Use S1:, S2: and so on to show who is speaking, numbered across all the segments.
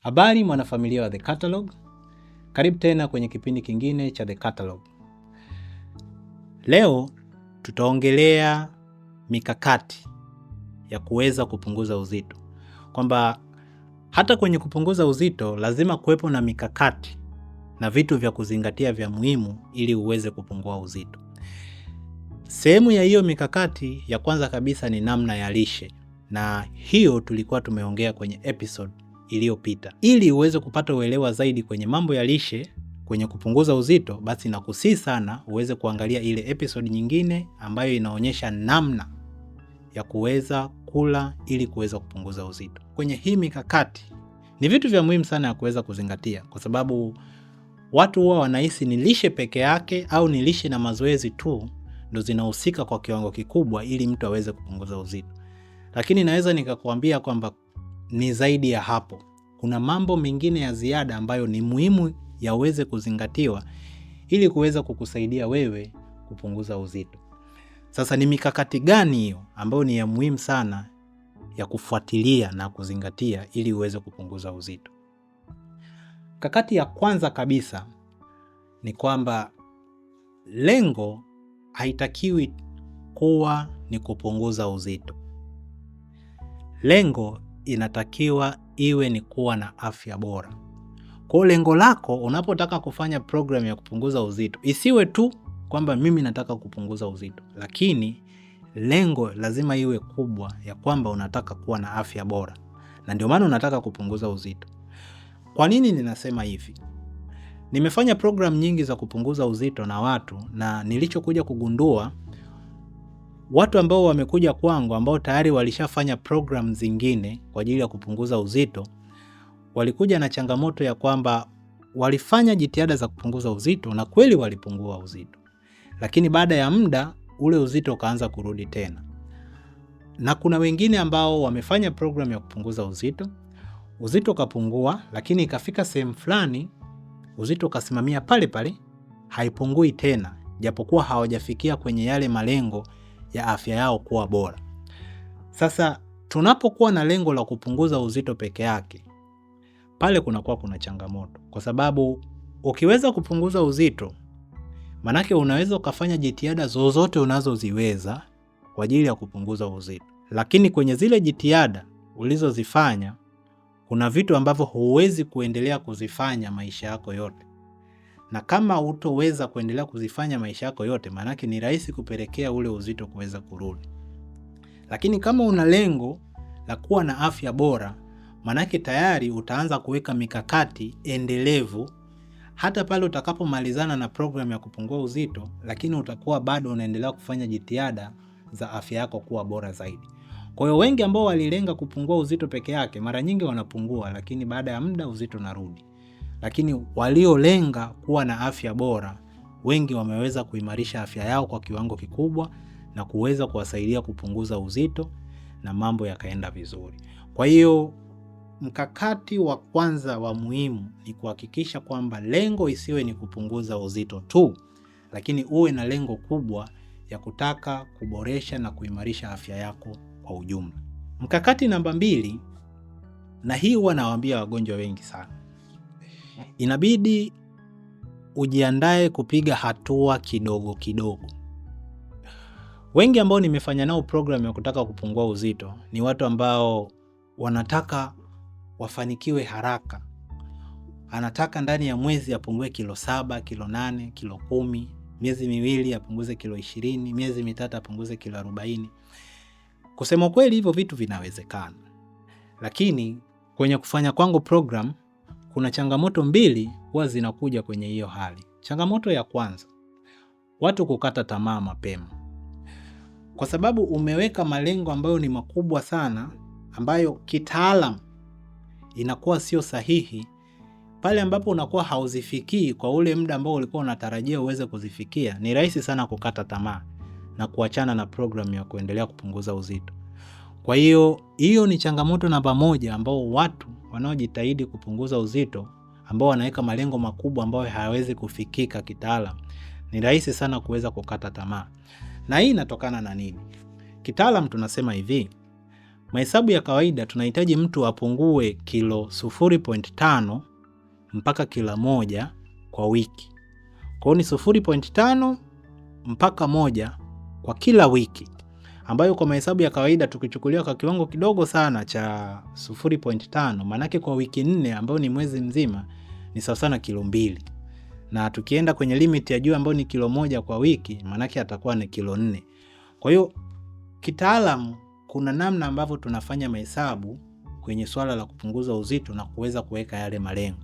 S1: Habari mwanafamilia wa The Catalog, karibu tena kwenye kipindi kingine cha The Catalog. Leo tutaongelea mikakati ya kuweza kupunguza uzito, kwamba hata kwenye kupunguza uzito lazima kuwepo na mikakati na vitu vya kuzingatia vya muhimu ili uweze kupungua uzito. Sehemu ya hiyo mikakati ya kwanza kabisa ni namna ya lishe, na hiyo tulikuwa tumeongea kwenye episode iliyopita. Ili uweze kupata uelewa zaidi kwenye mambo ya lishe kwenye kupunguza uzito, basi nakusii sana uweze kuangalia ile episodi nyingine ambayo inaonyesha namna ya kuweza kula ili kuweza kupunguza uzito. Kwenye hii mikakati ni vitu vya muhimu sana ya kuweza kuzingatia, kwa sababu watu huwa wanahisi ni lishe peke yake au ni lishe na mazoezi tu ndo zinahusika kwa kiwango kikubwa ili mtu aweze kupunguza uzito, lakini naweza nikakuambia kwamba ni zaidi ya hapo kuna mambo mengine ya ziada ambayo ni muhimu yaweze kuzingatiwa ili kuweza kukusaidia wewe kupunguza uzito. Sasa ni mikakati gani hiyo ambayo ni ya muhimu sana ya kufuatilia na kuzingatia ili uweze kupunguza uzito? Kakati ya kwanza kabisa ni kwamba lengo haitakiwi kuwa ni kupunguza uzito. Lengo inatakiwa iwe ni kuwa na afya bora. Kwa lengo lako unapotaka kufanya programu ya kupunguza uzito, isiwe tu kwamba mimi nataka kupunguza uzito, lakini lengo lazima iwe kubwa ya kwamba unataka kuwa na afya bora, na ndio maana unataka kupunguza uzito. Kwa nini ninasema hivi? Nimefanya programu nyingi za kupunguza uzito na watu, na nilichokuja kugundua watu ambao wamekuja kwangu ambao tayari walishafanya programu zingine kwa ajili ya kupunguza uzito walikuja na changamoto ya kwamba walifanya jitihada za kupunguza uzito na kweli walipungua uzito, lakini baada ya muda ule uzito ukaanza kurudi tena. Na kuna wengine ambao wamefanya programu ya kupunguza uzito, uzito ukapungua, lakini ikafika sehemu fulani uzito ukasimamia pale pale, haipungui tena, japokuwa hawajafikia kwenye yale malengo ya afya yao kuwa bora. Sasa tunapokuwa na lengo la kupunguza uzito peke yake, pale kunakuwa kuna changamoto, kwa sababu ukiweza kupunguza uzito, manake unaweza ukafanya jitihada zozote unazoziweza kwa ajili ya kupunguza uzito, lakini kwenye zile jitihada ulizozifanya kuna vitu ambavyo huwezi kuendelea kuzifanya maisha yako yote na kama hutoweza kuendelea kuzifanya maisha yako yote, maanake ni rahisi kupelekea ule uzito kuweza kurudi. Lakini kama una lengo la kuwa na afya bora, maanake tayari utaanza kuweka mikakati endelevu hata pale utakapomalizana na programu ya kupungua uzito, lakini utakuwa bado unaendelea kufanya jitihada za afya yako kuwa bora zaidi. Kwa hiyo wengi ambao walilenga kupungua uzito peke yake, mara nyingi wanapungua, lakini baada ya muda uzito unarudi lakini waliolenga kuwa na afya bora wengi wameweza kuimarisha afya yao kwa kiwango kikubwa na kuweza kuwasaidia kupunguza uzito na mambo yakaenda vizuri. Kwa hiyo mkakati wa kwanza wa muhimu ni kuhakikisha kwamba lengo isiwe ni kupunguza uzito tu, lakini uwe na lengo kubwa ya kutaka kuboresha na kuimarisha afya yako kwa ujumla. Mkakati namba mbili, na hii huwa nawaambia wagonjwa wengi sana inabidi ujiandae kupiga hatua kidogo kidogo. Wengi ambao nimefanya nao programu ya kutaka kupungua uzito ni watu ambao wanataka wafanikiwe haraka, anataka ndani ya mwezi apungue kilo saba, kilo nane, kilo kumi, miezi miwili apunguze kilo ishirini, miezi mitatu apunguze kilo arobaini. Kusema kweli, hivyo vitu vinawezekana, lakini kwenye kufanya kwangu programu kuna changamoto mbili huwa zinakuja kwenye hiyo hali. Changamoto ya kwanza, watu kukata tamaa mapema, kwa sababu umeweka malengo ambayo ni makubwa sana, ambayo kitaalam inakuwa sio sahihi pale ambapo unakuwa hauzifikii kwa ule muda ambao ulikuwa unatarajia uweze kuzifikia, ni rahisi sana kukata tamaa na kuachana na programu ya kuendelea kupunguza uzito. Kwa hiyo hiyo ni changamoto namba moja ambao watu wanaojitahidi kupunguza uzito ambao wanaweka malengo makubwa ambayo hayawezi kufikika kitaalam, ni rahisi sana kuweza kukata tamaa. Na hii inatokana na nini? Kitaalam tunasema hivi, mahesabu ya kawaida tunahitaji mtu apungue kilo 0.5 mpaka kila moja kwa wiki. Kwa hiyo ni 0.5 mpaka moja kwa kila wiki ambayo kwa mahesabu ya kawaida tukichukulia kwa kiwango kidogo sana cha 0.5 maanake kwa wiki nne ambayo ni mwezi mzima ni sawa sana kilo mbili, na tukienda kwenye limit ya juu ambayo ni kilo moja kwa wiki maanake atakuwa ni kilo nne. Kwa hiyo kitaalamu kuna namna ambavyo tunafanya mahesabu kwenye swala la kupunguza uzito na kuweza kuweka yale malengo.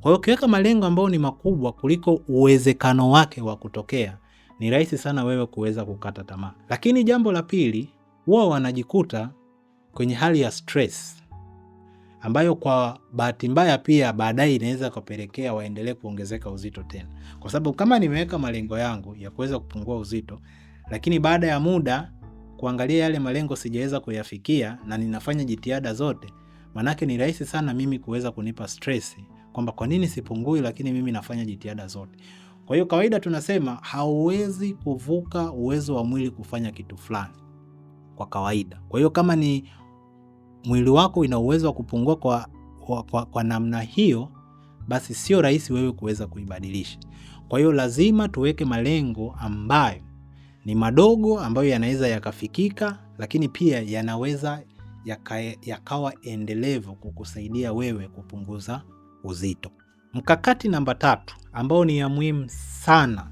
S1: Kwa hiyo ukiweka malengo ambayo ni makubwa kuliko uwezekano wake wa kutokea ni rahisi sana wewe kuweza kukata tamaa. Lakini jambo la pili, huwa wanajikuta kwenye hali ya stress ambayo kwa bahati mbaya pia baadaye inaweza kupelekea waendelee kuongezeka uzito tena, kwa sababu kama nimeweka malengo yangu ya kuweza kupungua uzito, lakini baada ya muda kuangalia yale malengo sijaweza kuyafikia na ninafanya jitihada zote, manake ni rahisi sana mimi kuweza kunipa stress kwamba kwa nini sipungui, lakini mimi nafanya jitihada zote. Kwa hiyo kawaida tunasema hauwezi kuvuka uwezo wa mwili kufanya kitu fulani kwa kawaida. Kwa hiyo kama ni mwili wako ina uwezo wa kupungua kwa, kwa, kwa, kwa namna hiyo, basi sio rahisi wewe kuweza kuibadilisha. Kwa hiyo lazima tuweke malengo ambayo ni madogo, ambayo yanaweza yakafikika, lakini pia yanaweza yakawa endelevu kukusaidia wewe kupunguza uzito. Mkakati namba tatu ambao ni ya muhimu sana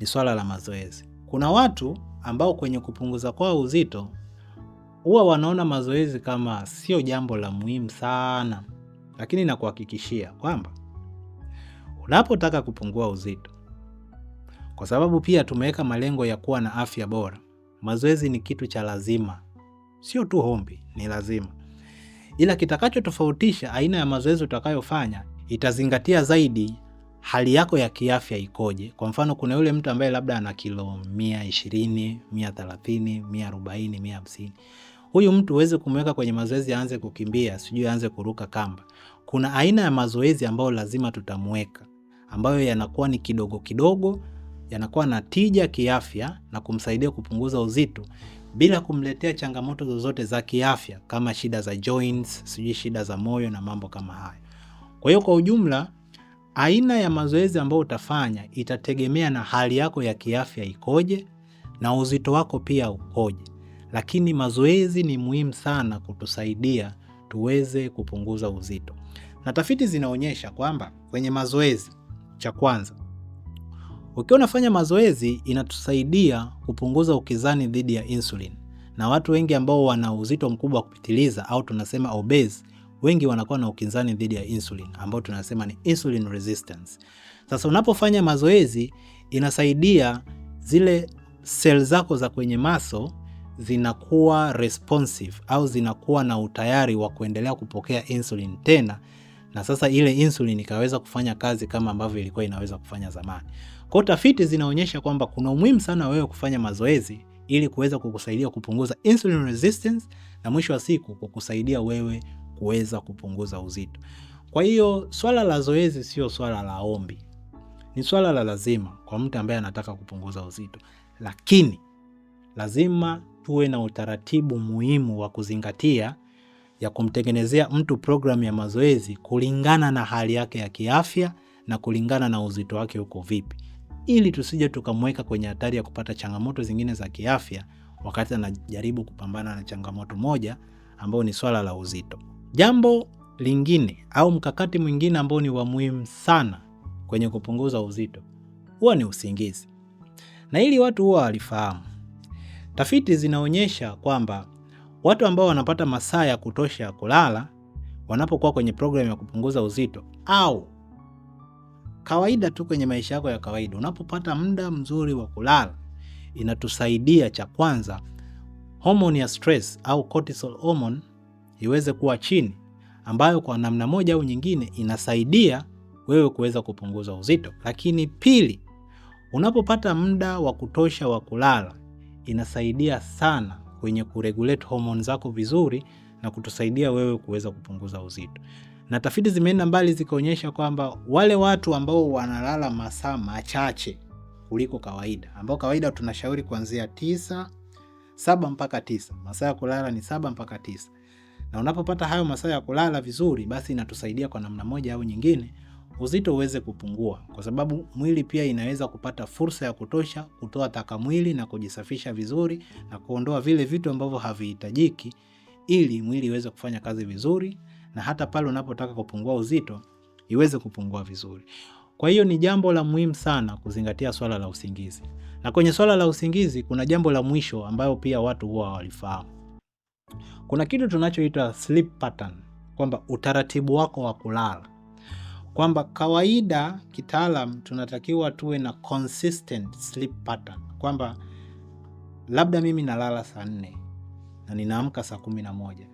S1: ni swala la mazoezi. Kuna watu ambao kwenye kupunguza kwao uzito huwa wanaona mazoezi kama sio jambo la muhimu sana, lakini nakuhakikishia kwamba unapotaka kupungua uzito, kwa sababu pia tumeweka malengo ya kuwa na afya bora, mazoezi ni kitu cha lazima, sio tu hombi, ni lazima. Ila kitakachotofautisha aina ya mazoezi utakayofanya itazingatia zaidi hali yako ya kiafya ikoje. Kwa mfano, kuna yule mtu ambaye labda ana kilo 120, 130, 140, Huyu mtu huwezi kumweka kwenye mazoezi aanze kukimbia, sijui aanze kuruka kamba. Kuna aina ya mazoezi ambayo lazima tutamweka, ambayo yanakuwa ni kidogo kidogo, yanakuwa na tija kiafya na kumsaidia kupunguza uzito bila kumletea changamoto zozote za kiafya kama shida za joints, sijui shida za moyo na mambo kama haya. Kwa hiyo kwa ujumla, aina ya mazoezi ambayo utafanya itategemea na hali yako ya kiafya ikoje na uzito wako pia ukoje, lakini mazoezi ni muhimu sana kutusaidia tuweze kupunguza uzito, na tafiti zinaonyesha kwamba kwenye mazoezi, cha kwanza, ukiwa unafanya mazoezi inatusaidia kupunguza ukizani dhidi ya insulin, na watu wengi ambao wana uzito mkubwa wa kupitiliza au tunasema obese wengi wanakuwa na ukinzani dhidi ya insulin ambao tunasema ni insulin resistance. Sasa unapofanya mazoezi inasaidia zile sel zako za kwenye maso zinakuwa responsive au zinakuwa na utayari wa kuendelea kupokea insulin tena, na sasa ile insulin ikaweza kufanya kazi kama ambavyo ilikuwa inaweza kufanya zamani. Kwa tafiti zinaonyesha kwamba kuna umuhimu sana wewe kufanya mazoezi ili kuweza kukusaidia kupunguza insulin resistance na mwisho wa siku kukusaidia wewe kuweza kupunguza uzito. Kwa hiyo swala la zoezi sio swala la ombi, ni swala la lazima kwa mtu ambaye anataka kupunguza uzito, lakini lazima tuwe na utaratibu muhimu wa kuzingatia ya kumtengenezea mtu programu ya mazoezi kulingana na hali yake ya kiafya na kulingana na uzito wake uko vipi, ili tusije tukamweka kwenye hatari ya kupata changamoto zingine za kiafya wakati anajaribu kupambana na changamoto moja ambayo ni swala la uzito. Jambo lingine au mkakati mwingine ambao ni wa muhimu sana kwenye kupunguza uzito huwa ni usingizi, na hili watu huwa walifahamu. Tafiti zinaonyesha kwamba watu ambao wanapata masaa ya kutosha ya kulala wanapokuwa kwenye programu ya kupunguza uzito au kawaida tu kwenye maisha yako ya kawaida, unapopata muda mzuri wa kulala, inatusaidia cha kwanza, homoni ya stress au cortisol hormone iweze kuwa chini, ambayo kwa namna moja au nyingine inasaidia wewe kuweza kupunguza uzito. Lakini pili, unapopata muda wa kutosha wa kulala, inasaidia sana kwenye kuregulate hormone zako vizuri na kutusaidia wewe kuweza kupunguza uzito. Na tafiti zimeenda mbali zikaonyesha kwamba wale watu ambao wanalala masaa machache kuliko kawaida, ambao kawaida tunashauri kuanzia tisa saba mpaka tisa masaa ya kulala ni saba mpaka tisa na unapopata hayo masaa ya kulala vizuri, basi inatusaidia kwa namna moja au nyingine uzito uweze kupungua, kwa sababu mwili pia inaweza kupata fursa ya kutosha kutoa taka mwili na kujisafisha vizuri na kuondoa vile vitu ambavyo havihitajiki, ili mwili iweze kufanya kazi vizuri, na hata pale unapotaka kupungua uzito iweze kupungua vizuri. Kwa hiyo ni jambo la muhimu sana kuzingatia swala la usingizi. Na kwenye swala la usingizi kuna jambo la mwisho ambayo pia watu huwa walifahamu kuna kitu tunachoita sleep pattern, kwamba utaratibu wako wa kulala, kwamba kawaida kitaalam tunatakiwa tuwe na consistent sleep pattern, kwamba labda mimi nalala saa nne na ninaamka saa kumi na moja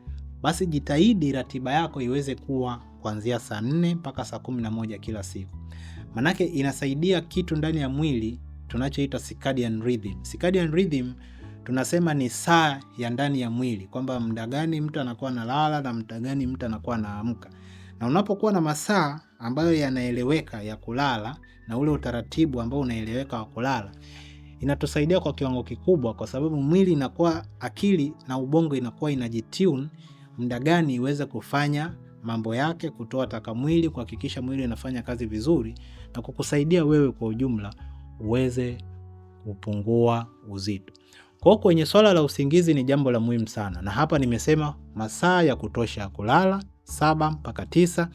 S1: basi jitahidi ratiba yako iweze kuwa kuanzia saa nne mpaka saa kumi na moja kila siku, manake inasaidia kitu ndani ya mwili tunachoita circadian rhythm. Circadian rhythm tunasema ni saa ya ndani ya mwili, kwamba muda gani mtu anakuwa analala na muda gani mtu anakuwa anaamka. Na unapokuwa na masaa ambayo yanaeleweka ya kulala na ule utaratibu ambao unaeleweka wa kulala, inatusaidia kwa kiwango kikubwa, kwa sababu mwili inakuwa, akili na ubongo inakuwa inajitune muda gani iweze kufanya mambo yake, kutoa taka mwili, kuhakikisha mwili unafanya kazi vizuri na kukusaidia wewe kwa ujumla uweze kupungua uzito. Kwa kwenye swala la usingizi ni jambo la muhimu sana, na hapa nimesema masaa ya kutosha ya kulala saba mpaka tisa,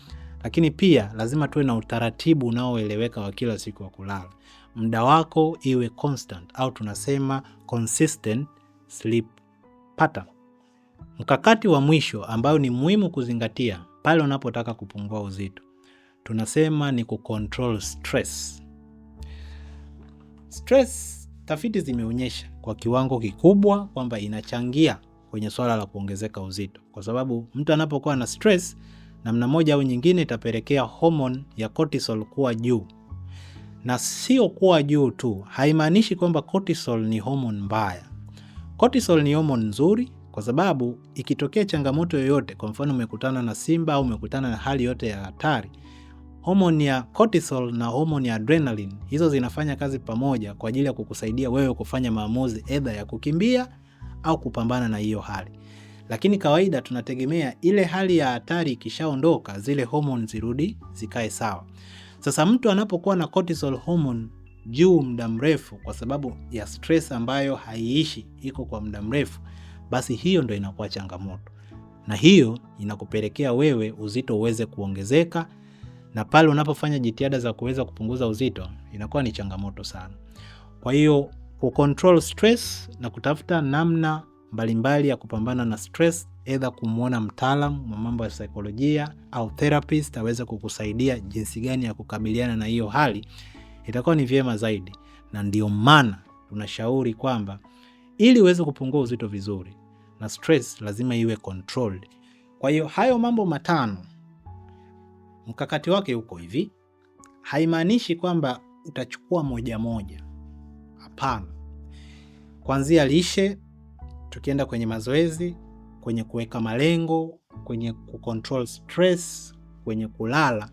S1: lakini pia lazima tuwe na utaratibu unaoeleweka wa kila siku wa kulala. Muda wako iwe constant au tunasema consistent sleep pattern. Mkakati wa mwisho ambayo ni muhimu kuzingatia pale unapotaka kupungua uzito tunasema ni kucontrol stress. Stress, tafiti zimeonyesha kwa kiwango kikubwa kwamba inachangia kwenye swala la kuongezeka uzito, kwa sababu mtu anapokuwa na stress namna moja au nyingine itapelekea homoni ya cortisol kuwa juu. Na sio kuwa juu tu, haimaanishi kwamba cortisol ni homoni mbaya. Cortisol ni homoni nzuri, kwa sababu ikitokea changamoto yoyote, kwa mfano umekutana na simba au umekutana na hali yote ya hatari homoni ya cortisol na homoni ya adrenaline. Hizo zinafanya kazi pamoja kwa ajili ya kukusaidia wewe kufanya maamuzi edha ya kukimbia au kupambana na hiyo hali. Lakini kawaida tunategemea ile hali ya hatari ikishaondoka, zile homoni zirudi zikae sawa. Sasa mtu anapokuwa na cortisol hormone juu muda mrefu, kwa sababu ya stress ambayo haiishi, iko kwa muda mrefu, basi hiyo ndo inakuwa changamoto, na hiyo inakupelekea wewe uzito uweze kuongezeka na pale unapofanya jitihada za kuweza kupunguza uzito inakuwa ni changamoto sana. Kwa hiyo control stress na kutafuta namna mbalimbali mbali ya kupambana na stress, aidha kumwona mtaalamu wa mambo ya saikolojia au therapist aweze kukusaidia jinsi gani ya kukabiliana na hiyo hali, itakuwa ni vyema zaidi, na ndio maana tunashauri kwamba ili uweze kupungua uzito vizuri na stress lazima iwe controlled. Kwa hiyo hayo mambo matano Mkakati wake uko hivi, haimaanishi kwamba utachukua moja moja, hapana. Kuanzia lishe, tukienda kwenye mazoezi, kwenye kuweka malengo, kwenye kucontrol stress, kwenye kulala,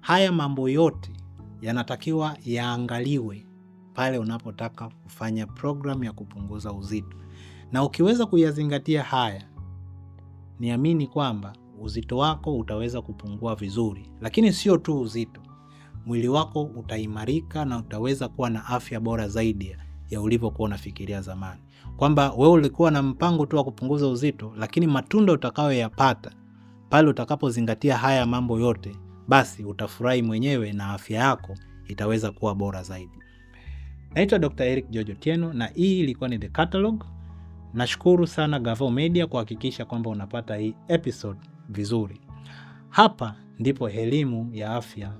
S1: haya mambo yote yanatakiwa yaangaliwe pale unapotaka kufanya programu ya kupunguza uzito, na ukiweza kuyazingatia haya, niamini kwamba uzito wako utaweza kupungua vizuri, lakini sio tu uzito, mwili wako utaimarika na utaweza kuwa na afya bora zaidi ya ulivyokuwa unafikiria zamani, kwamba wewe ulikuwa na mpango tu wa kupunguza uzito, lakini matunda utakayoyapata pale utakapozingatia haya mambo yote, basi utafurahi mwenyewe na afya yako itaweza kuwa bora zaidi. Naitwa Dr. Eric Jojo Otieno na hii ilikuwa ni The Catalog. Nashukuru sana Gavoo Media kuhakikisha kwamba unapata hii episode vizuri. Hapa ndipo elimu ya afya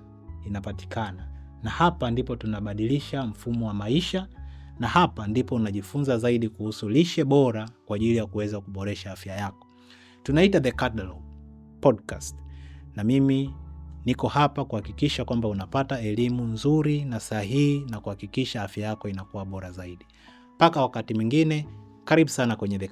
S1: inapatikana, na hapa ndipo tunabadilisha mfumo wa maisha, na hapa ndipo unajifunza zaidi kuhusu lishe bora kwa ajili ya kuweza kuboresha afya yako. Tunaita The Podcast, na mimi niko hapa kuhakikisha kwamba unapata elimu nzuri na sahihi na kuhakikisha afya yako inakuwa bora zaidi. Mpaka wakati mwingine, karibu sana kwenye The